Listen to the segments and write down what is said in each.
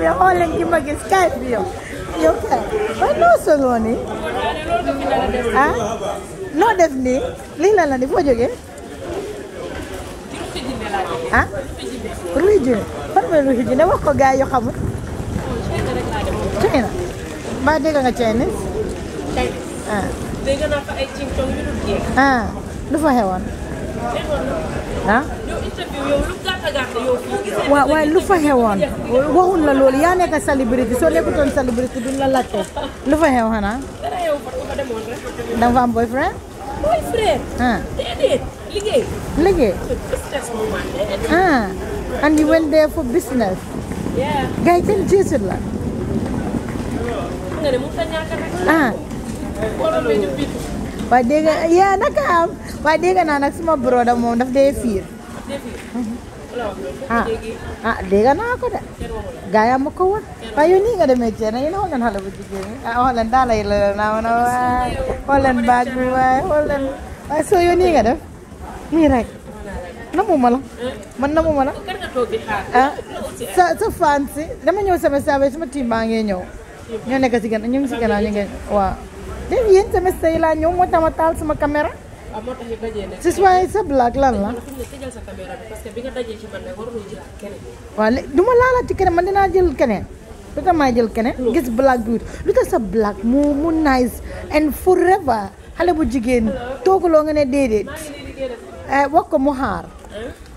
mais xoolal gi ma gis bi yow yow kay ba noo soloo nii ah noo def nii lii la la ni foo jógee ah Ruy Jine fan mooy wax ko gars yu xamul China mbaa dégg nga Chinese ah ah lu fa xewoon ah wa lu fa wa hun la loolu yaa nekk célébrité soo ton celebrity duñ la laajte lu fa xew xanaa da nga am boyfriend boyfriend ha déedéet liggéey liggéey ha and you went there for business Yeah. gay kenn jiisul la ah waaye wa dega ya nakam wa dega naa nag suma broda moom daf dee fir mhm ah ah dega na ko da gaya mo ko payo ni ga de me che na ina ho nan halu ji ge ah holan da la ila na wa holan ba gu wa holan ba so yo ni ga de ni rai na mo mala man na mo mala sa sa fancy na nyu sa sa ba sa timba nge nyu nyu ne ga sigan nyu sigan na nyu ga wa de yin sa me sa ila nyu mo ta ma tal sa ma kamera siswa sa blague lan la waaw duma laalati keneen man dinaa jël kene lu tax maa jël kene gis black bi lu tax sa black mu mu nice and forever xale bu jigéen toogaloo nga ne déedéet eh ko mu xaar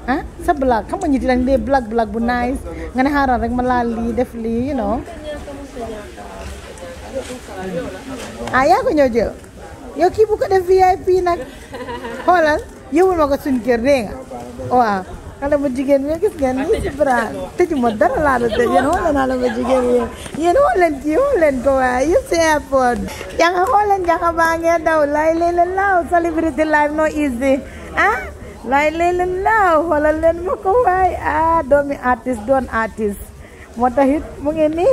ah sa black xam nga ñi di black black bu nice nga ne xaaral rek ma laal def you know Ayah kunjau. jël yow buka bu VIP nak, xoolal yo mo ko suñ kër dégg nga waaw xale mo jigéen bi gis ngeen ni sibra. Te tëju ma dara laa la tëj yéen xoolal naa la ma jigéen yéen yéen xool leen kii xool leen ko waaye yëpp si airport janga xool leen janga baa ngee daw lay leen la laaw celebrity life no easy ah lay leen la laaw xoolal len mo ko waaye ah, ah doomi artist don artist. moo tax it mu ngi